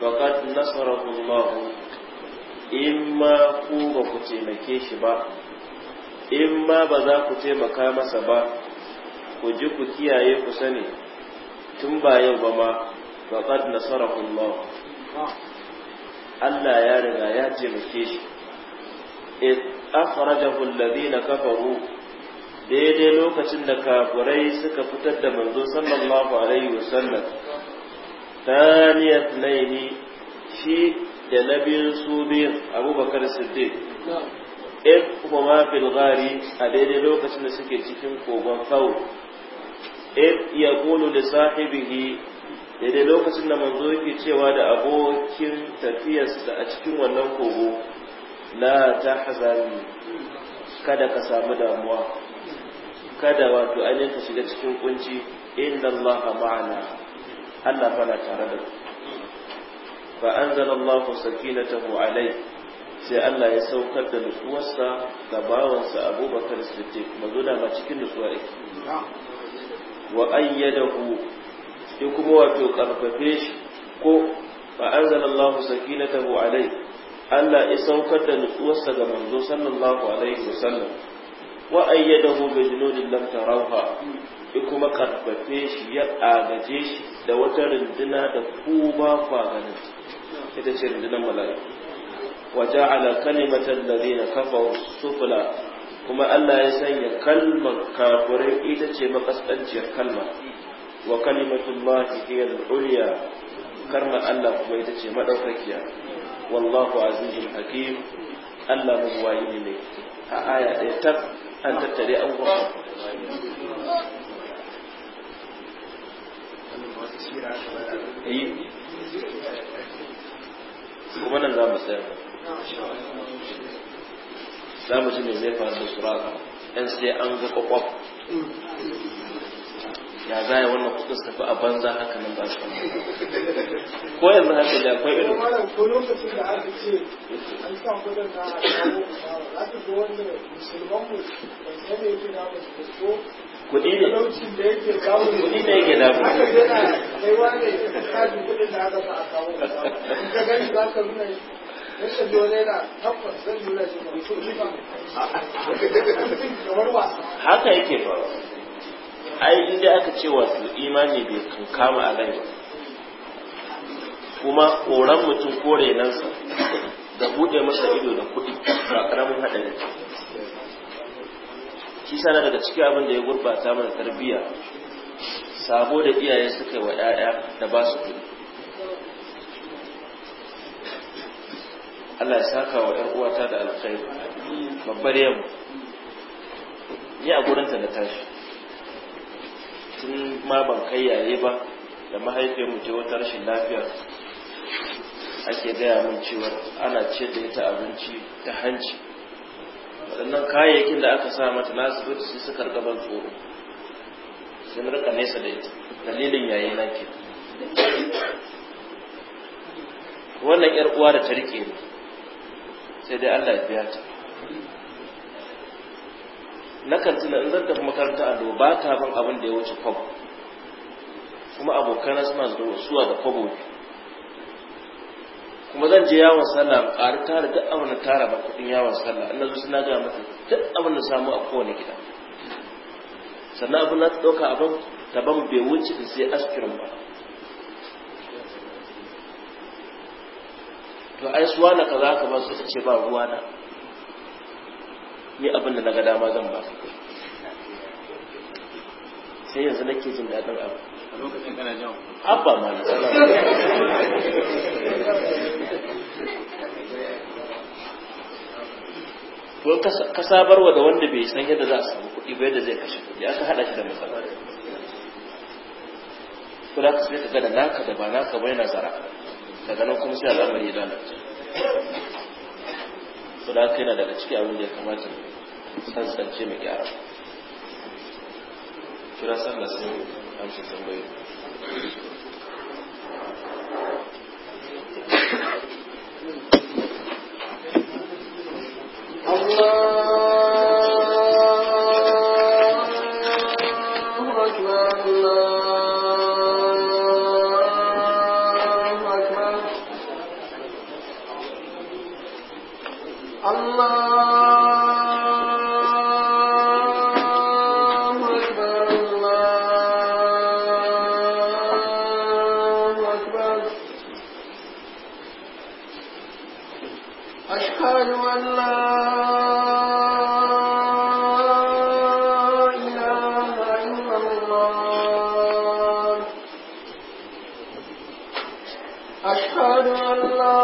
Speaker 1: faqad nasarahu Allah in ma ku ba ku taimake shi ba in ma ba za ku taimaka masa ba ku ji ku kiyaye ku sani tun ba yau ba ma faqad nasarahu Allah Allah ya riga ya taimake shi id akhrajahu alladhina kafaru daidai lokacin da kafurai suka fitar da manzo sallallahu alaihi wasallam taniyat laini shi da na su biyun abubakar siddiq in kuma gari a daidai lokacin da suke cikin kogon kawo in ya kulu da sahibihi daidai lokacin da manzo yake cewa da abokin tafiyarsa a cikin wannan kogo la tahzan kada ka samu damuwa kada wato ainihin ka shiga cikin kunci inna allaha ma'ana Allah fara tare da ku fa anzalallahu sakinatahu alai sai Allah ya saukar da nutsuwarsa ga bawansa Abubakar Siddiq mazuna da ma cikin nutsuwa yake wa ayyadahu sai kuma wato karfafe shi ko fa Allahu sakinatahu alai Allah ya saukar da nutsuwarsa ga manzo sallallahu alaihi wasallam wa ayyadahu bi junudin lam tarawha ya kuma karfafe shi ya agaje shi da wata rinduna da ku ba ku ganin ita ce rundunar mala'iku wa ja'ala kalimatan ladina kafaru sufla kuma Allah ya sanya kalmar kafirai ita ce makasdanciyar kalma وكلمة الله هي العليا كرم الله ويتك مدوكيا والله عزيز حكيم الله مبوائي لي
Speaker 3: آية تب أن تتري أول
Speaker 2: إي
Speaker 1: كمان لا مسألة لا مسألة زي فارس الصراط أنسى أنك أقوى
Speaker 2: ya za a wannan
Speaker 1: kudin su a banza haka nan ba su ko yanzu haka da akwai irin
Speaker 2: ko lokacin da aka ce an sa kudin na aka wanda musulman mu ba su ne yake da da kuɗi ne kuɗi yana tabbas zan shi ba haka yake
Speaker 1: ba ai in dai aka ce wato imani bai kankama a rai kuma koran mutum ko sa da buɗe masa ido da kuɗi ba ƙaramin haɗari shi sana daga cikin abin da ya gurbata mana tarbiyya sabo da iyaye suka wa 'ya'ya da ba su kuɗi Allah ya saka wa ‘yan uwata da alkhairu babbar yamma ni a gurinta da tashi tun ma ban kai yaye ba da mahaifiyar mu ta wata rashin lafiya ake gaya min cewa ana ce da ita abinci ta hanci waɗannan kayayyakin da aka sa mata na su sai su rika ban tsoro sai rika nesa da ita dalilin yaye na ke wannan yar uwa da ta rike ne sai dai Allah ya biya ta na kantina in zan tafi makaranta a ba ta ban abin da ya wuce kwabo kuma abokana suna zuwa da kwabo kuma zan je yawon sallah in ƙari tara duk abin da tara ba kuɗin yawon sallah in zo suna gaya mata duk abin da samu a kowane gida sannan abin na ɗauka abin ta ban bai wuce in sai aspirin ba to ai suwa na kaza ka ba su ce ba ruwa na ni abin da na ga dama zan ba kai. sai yanzu nake jin daɗin abu a
Speaker 2: lokacin kana jan abba ma na
Speaker 1: ko ka sabarwa da wanda bai san yadda za a samu kuɗi ba yadda zai kashe kuɗi aka haɗa shi da matsala ko da ka sai ka ga da naka da ba naka ba yana zara daga nan kuma sai al'amari ya lalace su da daga ciki abin da ya kamata tsantsance mai gyara kira da sai
Speaker 2: amsa tambayi
Speaker 4: Allah لا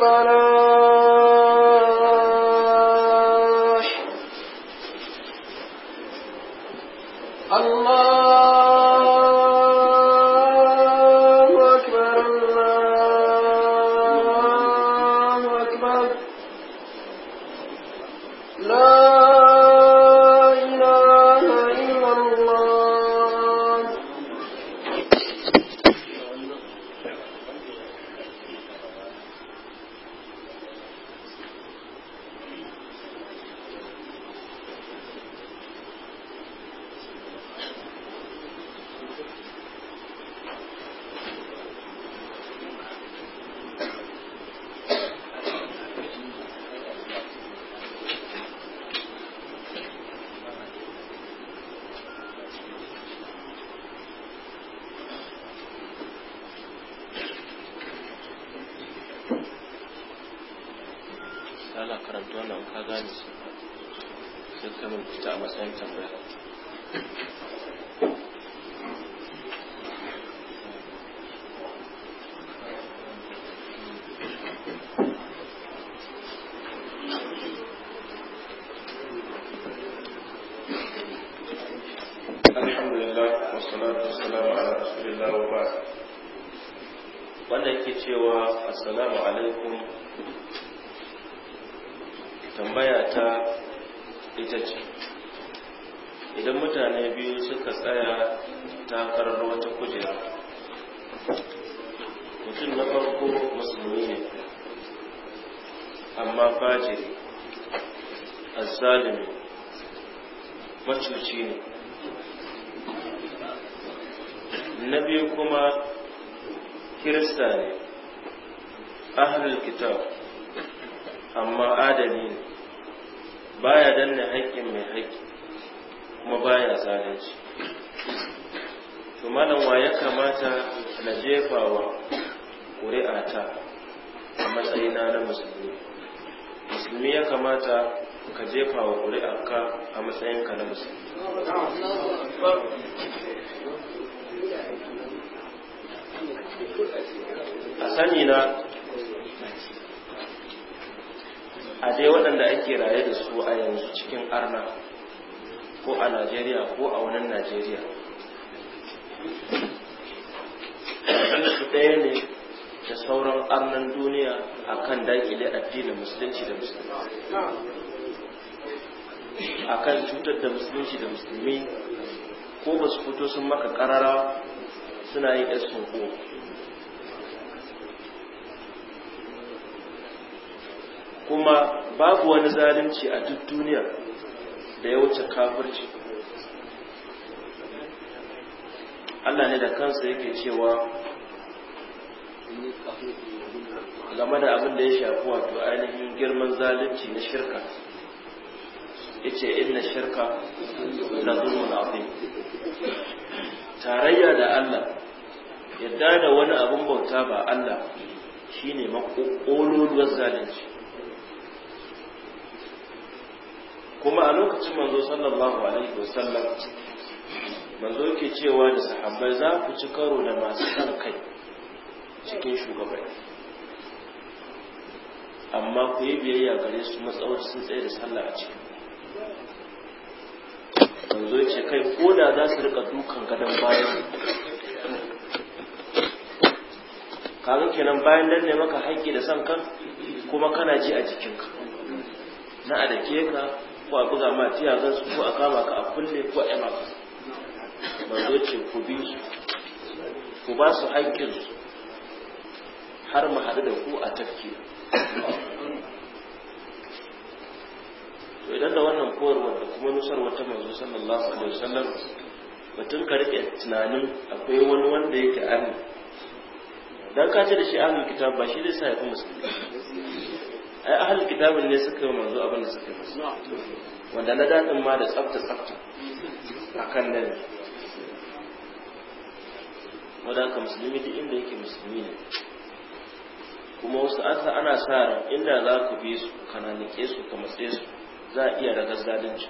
Speaker 4: صلاة
Speaker 1: ana karanta wannan ka gane sai ka mun fita a matsayin tambaya ita ce idan mutane biyu suka tsaya takarar wata kujera mutum na farko musulmi ne amma fajiri azzalimi macuci ne na biyu kuma kirista ne ahlul kitab amma adali ne baya danne haƙƙin mai haƙƙi kuma baya zalunci to malam wa ya kamata na jefawa ta a matsayina na musulmi musulmi ya kamata ka jefa wa ka a matsayinka na musulmi
Speaker 2: a sani na
Speaker 1: a dai waɗanda ake raye da su a yanzu cikin arna ko a najeriya ko a wannan najeriya su ɗaya ne da sauran arnan duniya a kan daƙile addinin musulunci da musulmi a kan cutar da musulunci da musulmi ko ba su fito sun maka ƙarara suna yi ɗan sun kuma babu wani zalunci a duk
Speaker 2: duniya da ya wuce kafirci Allah ne da kansa yake cewa
Speaker 1: game da abin da ya shafi wato ainihin girman zalunci na shirka ya ce inna shirka na zulmun
Speaker 2: abin tarayya
Speaker 1: da Allah yadda da wani abin bauta ba Allah shi ne makokololuwar zalunci kuma a lokacin manzo sallallahu alaihi wasallam manzo yake cewa da sahabbai za ku ci karo da masu kankai kai cikin shugabanni amma ku yi biyayya gare su matsawar sun tsaye da sallah a ciki manzo ce kai ko da za su rika
Speaker 2: dukan gadon bayan
Speaker 1: kaga kenan bayan danne maka haƙƙi da san kan kuma kana ji a jikinka na a dake ka ko a buga ma tiya zan su ko a kama ka a kulle ko a ba manzo ce ku bi su ku ba su hankin su har mu haɗu da ku a tafki to idan da wannan koyarwa da kuma nusar wata manzo sallallahu alaihi wasallam mutum ka rike tunanin akwai wani wanda yake arni dan ka ce da shi ahlul kitab ba shi zai sa ya fi musulmi ai ahal kitabin ne suka yi manzo abin da suka yi
Speaker 2: wanda na daɗin ma da tsafta tsafta
Speaker 1: a kan nan wadda ka musulmi duk inda yake musulmi ne kuma wasu asa ana sa ran inda za ku bi su kana nike su ka matse su za a iya ragar zalunci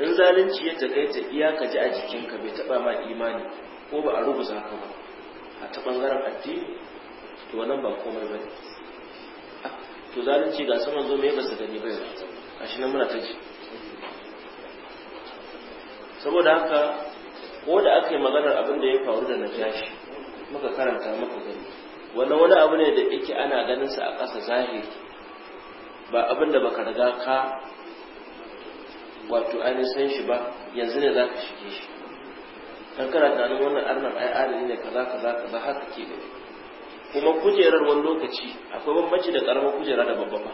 Speaker 1: in zalunci ya takaita iyaka ji a jikinka bai taɓa ma imani ko ba a rubuta ka ba a ta ɓangaren addini to nan ba komai ba ne to zalunci ga su manzo mai ba su gani ba shi nan muna ta ji saboda haka ko da aka yi maganar abin da ya faru da jashi muka karanta muka gani wannan wani abu ne da yake ana ganin sa a ƙasa zahiri ba abin da baka riga ka wato ainihin san shi ba yanzu ne za ka shige shi dan karanta wannan arnan ai adali ne kaza kaza kaza haka ke gani kuma kujerar wani lokaci akwai bambanci da karamar kujera da babba ba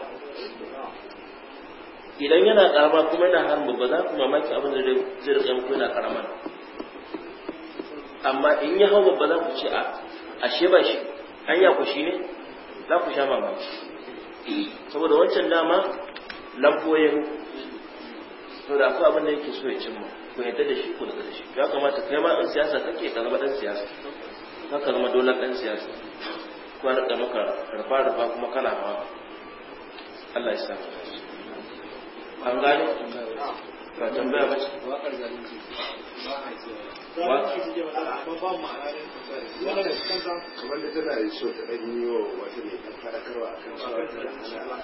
Speaker 1: idan yana karama kuma yana har babba za ku mamaki abin da zai rikon kuma yana karama amma in ya hau babba za ku ce a ashe ba shi an ya ku shi ne za ku sha mamaki saboda wancan dama lamfoyin saboda akwai abin da yake so ya cimma ku yadda da shi ku da shi ya kamata kai ma in siyasa kake ka zama ɗan siyasa ka zama dole ɗan siyasa kuma rika maka rufa rufa kuma kana hawa Allah ya sa an gane
Speaker 2: ba tambaya ba ce ba zalunci ba
Speaker 3: a yi ba a ba ba ma'ana ne kamar da tana yi so ta ɗan yi wa wata ne kan faɗakarwa a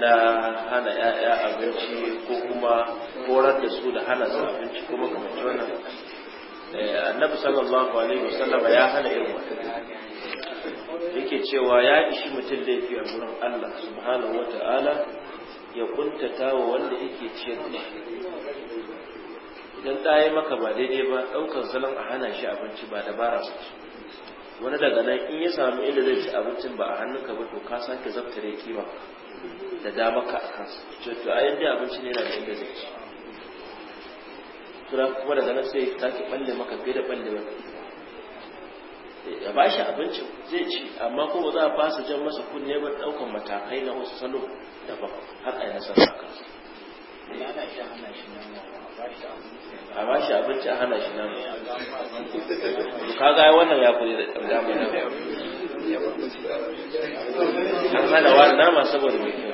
Speaker 1: na hana ‘ya'ya abinci ko kuma horar da su da hana su abinci ko makamanci wannan eh, annabi sallallahu alaihi wasallama ya hana irin
Speaker 2: wannan yake cewa ya ishi mutum
Speaker 1: laifi a gurin Allah subhanahu wata'ala ya kuntata wa wanda yake ciyar da idan ta yi maka ba daidai ba ɗaukar salon a hana shi abinci ba dabara ba wani daga nan in ya samu inda zai ci abincin ba a hannunka ba to ka sake zaftare kima da damaka a kansu cutu a yadda abinci ne na da inda zai ci tura kuma daga nan sai ke balle maka fiye da balle maka ya eh, ba shi abinci zai ci amma ko ba za a fasa jan masa kunne ba daukan matakai na wasu salo ba
Speaker 2: har a yi nasara a kansu a ba shi abinci a hana shi nan ka ga wannan ya kuri da damar ba. an hana wa nama saboda mai kyau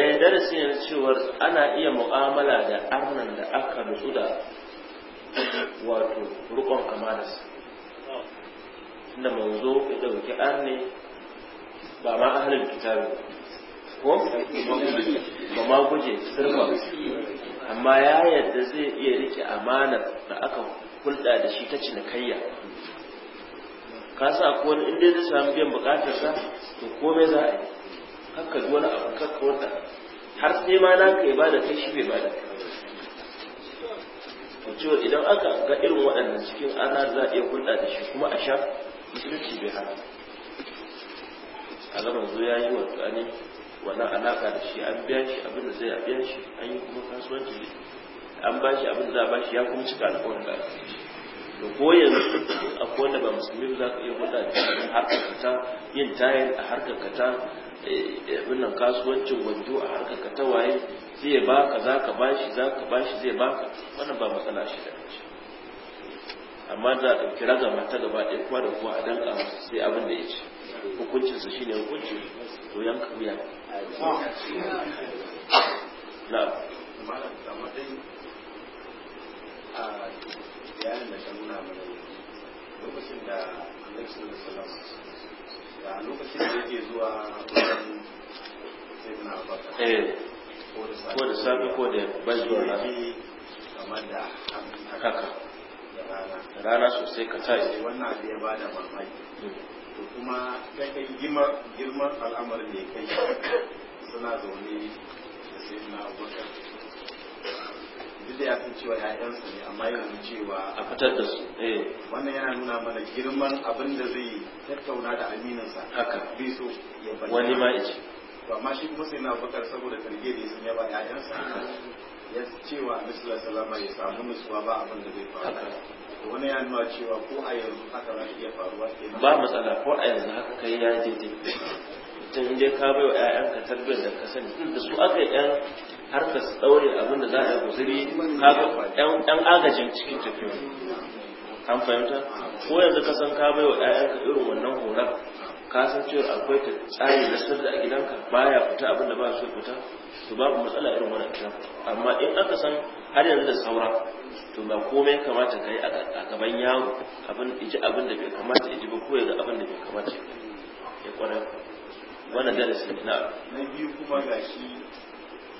Speaker 2: eh darasin yana cewar ana iya
Speaker 1: mu'amala da arnan da aka nutsu da wato rukon amanas, inda manzo ya dauki arne ba ma ahalin kitabi ko ba ma guje sirba amma ya yadda zai iya rike amanar da aka hulɗa da shi ta cinikayya ka sa ko wani inda zai samu biyan bukatar sa to komai za a yi kakka wani abu kakka wata har sai ma na yi ba da kai shi bai ba da cewa idan aka ga irin waɗannan cikin ana za a iya hulɗa da shi kuma a sha musulunci bai hana a gaban zo ya yi wa tsani wani alaƙa da shi an biya shi abin da zai a biya shi an yi kuma kasuwanci an ba shi abin da za a ba shi ya kuma cika alƙawarin da aka shi da ko yanzu akwai wanda ba musulmi za ka iya hulɗa a harkar kata yin tayin a harkar kata eh, eh, abin nan kasuwancin wando a harkar kata waye zai baka za ka bashi za ka bashi zai baka wannan ba matsala shi da shi amma da kira ga ta gaba ɗaya kuwa da kuwa a danka sai abin da ya ce hukuncinsa shine hukunci to yanka wuya na'am
Speaker 3: bayanin da ta nuna mana lokacin da annabi sallallahu alaihi da lokacin da yake zuwa wajen sayyidina abubakar eh, ko da sabi ko da bai zuwa na kamar da haka da rana sosai ka tashi eh, wannan abu ya da mamaki hmm. to kuma ta kai girman al'amarin da ya kai suna zaune da da ya fi cewa ƴaƴansu ne amma yanzu cewa a fitar da su eh wannan yana nuna mana girman abin da zai tattauna da aminansa haka biso ya bayyana wani ma ce ba ma shi kuma sai na bakar saboda karge da sun yaba ƴaƴansa ya cewa misalla salama ya samu nutsuwa ba abin da zai faru to wani ya nuna cewa ko a yanzu haka za iya faruwa
Speaker 1: ba matsala ko a yanzu haka kai ya je tun dai ka bai wa ƴaƴanka tarbiyyar da ka sani da su aka yi ƴan har ka daure abin da za a yi guzuri ɗan agajin cikin tafiya an fahimta ko yanzu ka san ka bai wa ɗayanka irin wannan horar ka san cewa akwai ta tsari na sirri a gidanka baya fita abin da ba su fita to babu matsala irin wannan kiran amma in aka san har yanzu da saura to ba komai kamata ka yi a gaban yaro abin iji abin da bai kamata iji ba ko yanzu abin da bai kamata ya kwarar wannan darasi na
Speaker 3: na biyu kuma ga shi.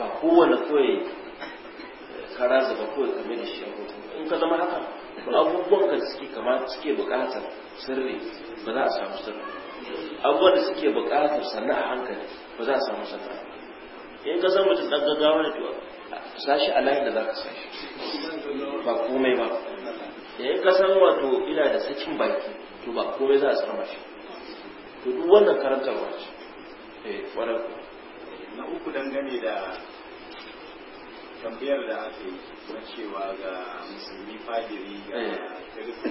Speaker 1: ba kowane kawai eh, kara zaba kawai kame da shi in ka zama haka ba abubuwan ka suke kama suke bukatar sirri ba za a samu sirri abubuwan da suke bukatar sannan a hankali ba za a samu sirri in ka san mutum ɗan gaggawa da tuwa shi a layin da za ka shi ba komai ba in ka san wato ina da sakin baki to ba komai za a sama shi to duk wannan karantarwa
Speaker 3: ce eh kwarar na uku dangane da tambayar da aka yi na cewa ga musulmi fadiri ga eh. kirista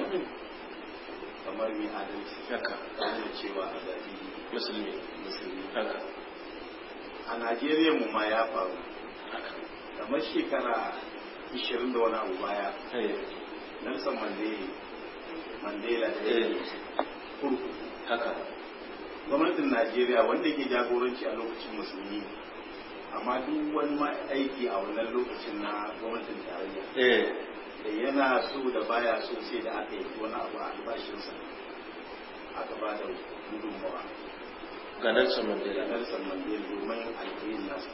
Speaker 3: kamar mai adalci haka ana cewa a zaɓi musulmi musulmi a najeriya mu ma ya faru kamar shekara 20 da wani abu baya eh. nelson mandela da ya eh. kurkuku gwamnatin najeriya wanda ke jagoranci a lokacin musulmi amma duk wani aiki a wannan lokacin na gwamnatin tarayya eh. da yana so da baya so sai da aka yi wani abu a albashinsa aka ba da gudun ga ganar Mandela ganar Mandela domin alheri nasu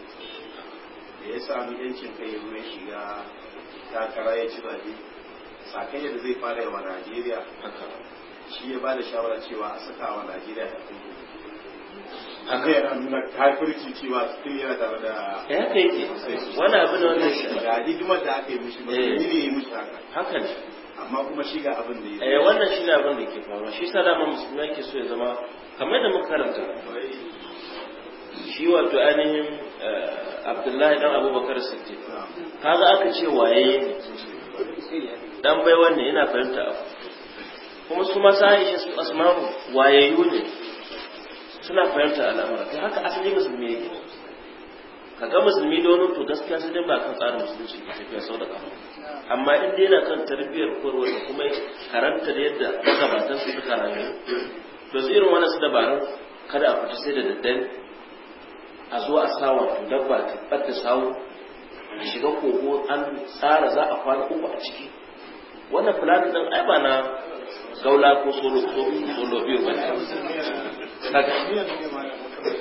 Speaker 3: da ya sami yancin kai ruwan shiga takara ya ci zaɓe sakai da zai fara yawa Najeriya shi ya ba da shawara cewa a saka wa Najeriya da kuma haka yana nuna kafirci cewa still yana tare da ya haka yake wani abu ne wanda shi ga hidimar da aka yi mishi ba eh. ne yi mishi haka haka ne amma kuma shi ga abin da ya eh wannan shi ne abin da ke faruwa shi sa dama
Speaker 1: musulmi yake so ya zama kamar da muka karanta shi wato ainihin eh, abdullahi dan abubakar siddiq kaga aka ce waye ne dan bai wannan yana fahimta abu kuma su masa aisha su asma'u wayayyu ne suna fahimta al'amura ta haka asali musulmi yake ka ga musulmi da wani gaskiya su dai ba kan tsarin musulunci da tafiya sau da kama amma in dai yana kan tarbiyyar korwa da kuma karanta da yadda magabatan su suka rayu to su irin wani su dabarun kada a fita sai da daddare a zo a sawa dabba ta ɓata sawu a shiga kogo an tsara za a kwana uku a ciki wannan fulani ɗin ai ba na gaula ko solo biyu ba ne kaga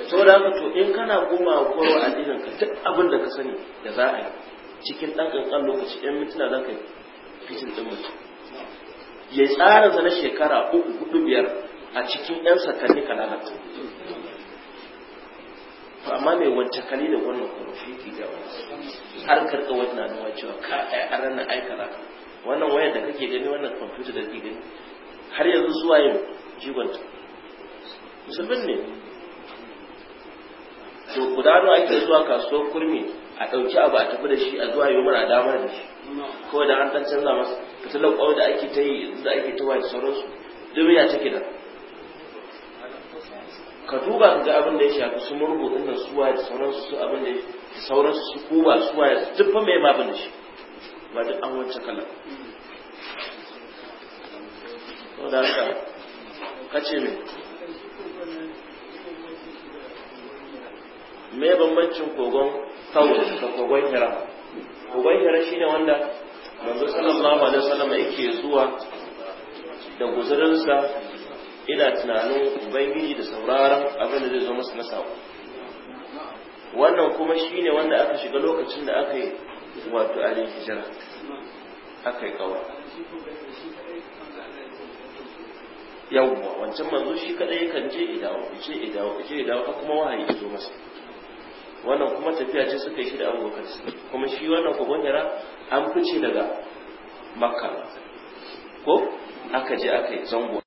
Speaker 1: saboda haka to in kana koma koro addinin ka duk abin da ka sani da za a yi cikin ɗan kan lokaci ɗan mintuna zaka yi fitin ɗin mutum ya tsara sa na shekara uku hudu biyar a cikin ɗan sakanni ka lalata to amma mai wance kali da wannan kuma shi ke da har karka wannan nuna cewa ka a ranar aikata wannan wayar da kake gani wannan kwamfuta da kake gani har yanzu zuwa yau jigonta musulmin ne
Speaker 4: to guda ake
Speaker 1: zuwa kasuwar kurmi a ɗauki abu a tafi da shi a zuwa yi mana damar da shi kawai da an ɗan canza masa fitilar ƙwai da ake ta yi da ake ta waye sauransu duniya ta gida. ka duba ka ga abin da ya shafi su murgu ɗin nan suwa da sauransu su abin da ya sauransu su kuba suwa ya duk fa mai mabin da shi ba duk an wancan kalan da haka ce mai me bambancin kogon tawo da kogon hira kogon hira ne wanda manzo sallallahu alaihi wasallam yake zuwa da guzurinsa ina tunanin ubangiji da sauraron abin da zai zo masa na sako
Speaker 2: wannan kuma shi ne wanda aka
Speaker 1: shiga lokacin da aka yi wato a hijira aka yi kawai
Speaker 2: yawwa wancan manzo shi kadai
Speaker 1: kan je idawo ce idawo ce idawo kuma wahayi zo masa wannan kuma tafiya ce suka yi shi da abubakar kuma shi
Speaker 2: wannan kogon yara an fice daga makka ko aka je aka yi zango